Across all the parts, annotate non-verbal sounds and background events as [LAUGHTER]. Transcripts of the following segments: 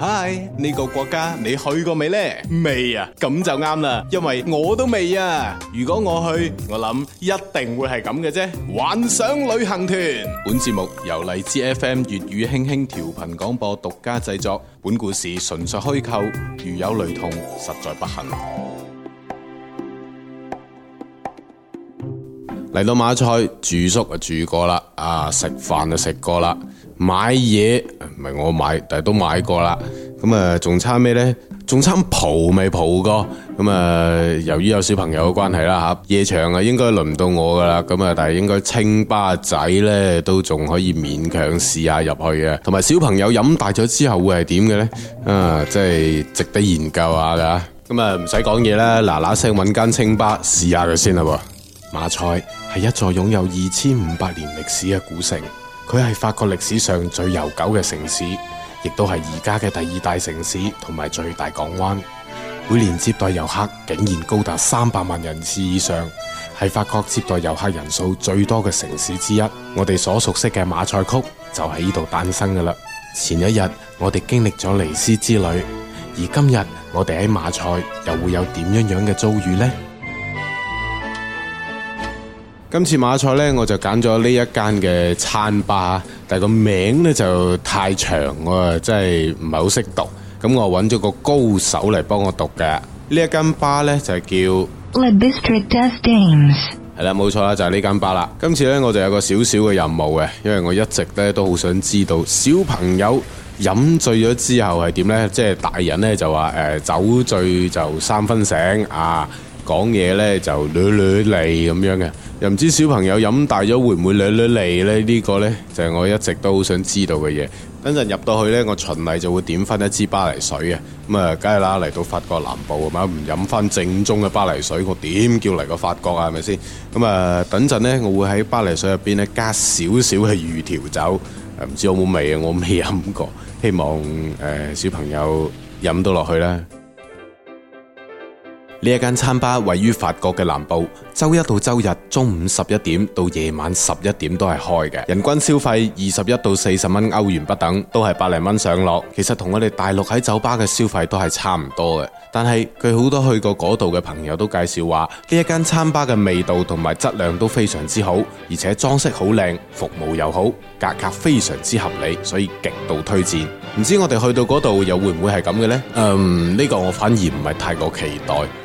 嗨，呢個國家你去過未呢？未啊，咁就啱啦，因為我都未啊。如果我去，我諗一定會係咁嘅啫。幻想旅行團，本節目由荔枝 FM 粵語輕輕調頻廣播獨家製作。本故事純屬虛構，如有雷同，實在不幸。嚟到馬賽，住宿啊住過啦，啊食飯就食過啦，買嘢唔係我買，但係都買過啦。咁、嗯、啊，仲差咩呢？仲差蒲未蒲過？咁、嗯、啊，由於有小朋友嘅關係啦嚇，夜場啊應該輪唔到我噶啦。咁啊，但係應該清吧仔呢都仲可以勉強試下入去嘅。同埋小朋友飲大咗之後會係點嘅呢？啊，即係值得研究下㗎。咁、嗯、啊，唔使講嘢啦，嗱嗱聲揾間清吧試下佢先啦喎。馬賽係一座擁有二千五百年歷史嘅古城，佢係法國歷史上最悠久嘅城市，亦都係而家嘅第二大城市同埋最大港灣。每年接待遊客竟然高達三百萬人次以上，係法國接待遊客人數最多嘅城市之一。我哋所熟悉嘅馬賽曲就喺呢度誕生噶啦。前一日我哋經歷咗尼斯之旅，而今日我哋喺馬賽又會有點樣樣嘅遭遇呢？今次馬賽咧，我就揀咗呢一間嘅餐吧，但係個名咧就太長，我真係唔係好識讀。咁我揾咗個高手嚟幫我讀嘅。一間呢一間吧咧就係叫 Le Bistrot des Dames。係啦，冇錯啦，就係呢間吧啦。今次咧我就有個少少嘅任務嘅，因為我一直咧都好想知道小朋友飲醉咗之後係點咧，即係大人咧就話誒、呃、酒醉就三分醒啊，講嘢咧就捋捋嚟咁樣嘅。又唔知小朋友飲大咗會唔會略略脷呢？呢、這個呢，就係、是、我一直都好想知道嘅嘢。等陣入到去呢，我循例就會點翻一支巴黎水嘅。咁、嗯、啊，梗係啦，嚟到法國南部啊嘛，唔飲翻正宗嘅巴黎水，我點叫嚟個法國啊？係咪先？咁、嗯、啊，等陣呢，我會喺巴黎水入邊呢加少少嘅魚調酒，唔知有冇味啊？有有味我未飲過，希望誒、呃、小朋友飲到落去啦。呢一間餐吧位於法國嘅南部，周一到周日中午十一點到夜晚十一點都係開嘅，人均消費二十一到四十蚊歐元不等，都係百零蚊上落。其實同我哋大陸喺酒吧嘅消費都係差唔多嘅。但係據好多去過嗰度嘅朋友都介紹話，呢一間餐吧嘅味道同埋質量都非常之好，而且裝飾好靚，服務又好，價格非常之合理，所以極度推薦。唔知我哋去到嗰度又會唔會係咁嘅呢？嗯，呢個我反而唔係太過期待。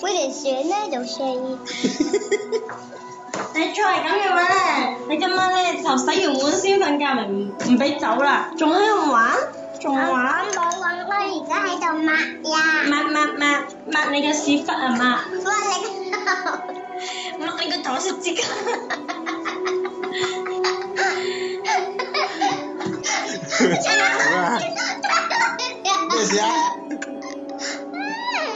我條蛇咧就細。你再係咁嘅話咧，你今晚咧就洗完碗先瞓覺，咪唔唔俾走啦。仲喺度玩？仲玩？冇玩啦，我而家喺度抹呀。抹抹抹抹你嘅屎忽啊抹！抹你個，抹你個頭先至。哈哈哈哈哈！咩事啊？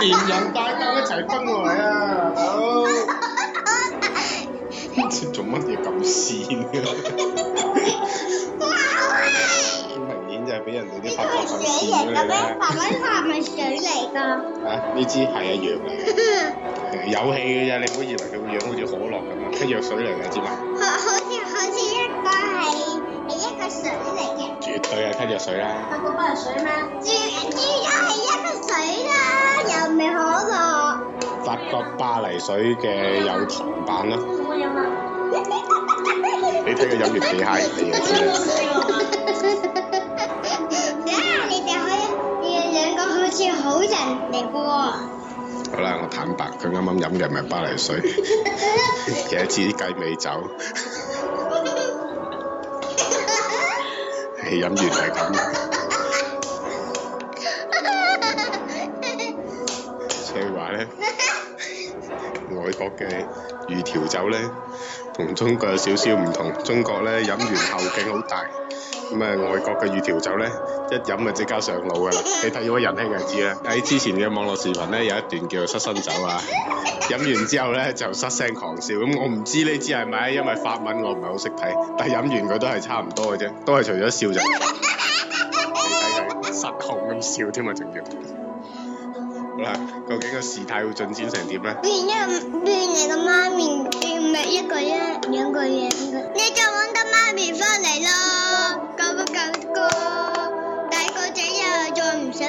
連人帶狗一齊奔過嚟啊！好，做乜嘢咁善啊？明顯就係俾人哋啲發作粉煽咗嚟啦。爸爸呢個係咪水嚟㗎？啊，呢支係一樣嘅，有氣嘅啫，你唔好以為佢個樣好似可樂咁樣，係藥水嚟㗎，知嘛？好似好似一個係係一個水嚟。佢又吸著水啦，法國巴黎水咩？注注入係一個水啦，又唔係可樂。法國巴黎水嘅有糖版啦，可唔可以飲啊？你睇佢飲完幾嗨你哋可以，你哋兩個好似好人嚟嘅喎。好啦，我坦白，佢啱啱飲嘅係咪巴黎水？有 [LAUGHS] 一啲雞尾酒。 [LAUGHS] 氣飲完係咁嘅，所以話咧，外國嘅魚調酒咧，同中國有少少唔同。中國咧飲完後勁好大。咁啊，外國嘅預調酒咧，一飲啊，即刻上腦噶啦，你睇我人兄就知啦。喺、哎、之前嘅網絡視頻咧，有一段叫做失身酒啊，飲完之後咧就失聲狂笑。咁、嗯、我唔知呢支係咪，因為法文我唔係好識睇，但係飲完佢都係差唔多嘅啫，都係除咗笑就， [LAUGHS] 你睇佢失控咁笑添啊，仲要。嗱， [LAUGHS] 究竟個事態會進展成點咧？變一個人，變你個媽咪變咪一個樣，兩個樣你就搵得媽咪翻嚟咯。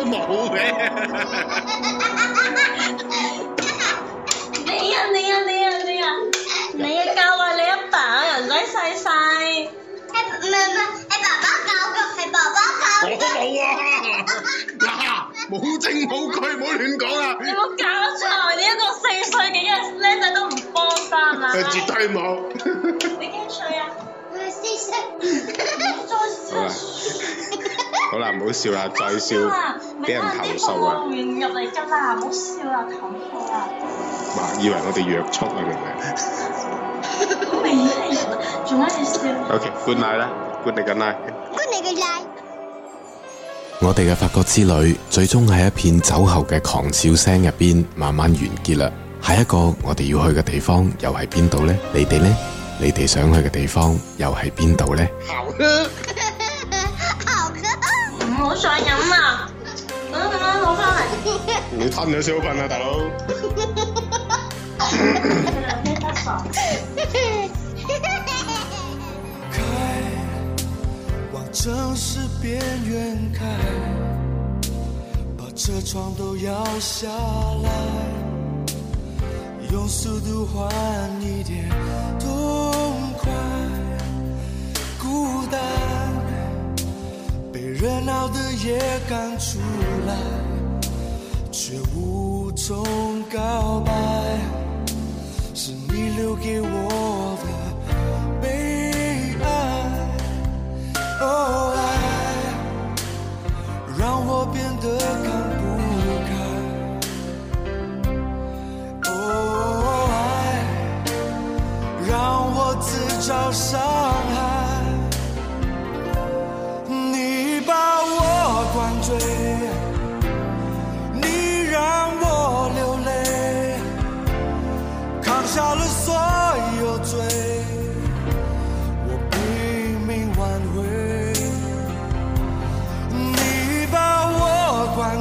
都冇嘅，你啊你啊你啊你啊，你阿舅阿阿伯，人仔細細，唔係唔係，係爸爸教嘅，係爸爸教嘅，我冇啊，嗱，冇證冇據，唔好亂講啊，你冇教錯，你一個四歲幾嘅僆仔都唔幫手係嘛？絕對冇，你幾歲啊？我係四歲，唔好再笑，好啦，好啦，唔好笑啦，再笑。俾人投訴啊！入嚟噶啦，唔好笑啊，投訴啊！以為我哋弱畜啊，明明。未啊？做乜嘢先？O K，關奶啦，關你嘅奶。關你嘅奶。我哋嘅法國之旅，最終喺一片酒後嘅狂笑聲入邊，慢慢完結啦。下一個我哋要去嘅地方，又係邊度咧？你哋咧？你哋想去嘅地方，又係邊度咧？好啦，唔好再飲啊！等等我翻嚟，你貪咗小便宜啊大佬！嗯、 [LAUGHS] [LAUGHS] 開往城市邊緣開，把車窗都搖下來，用速度換一點痛快，孤單。熱鬧的夜剛出來，卻無從告白，是你留給我。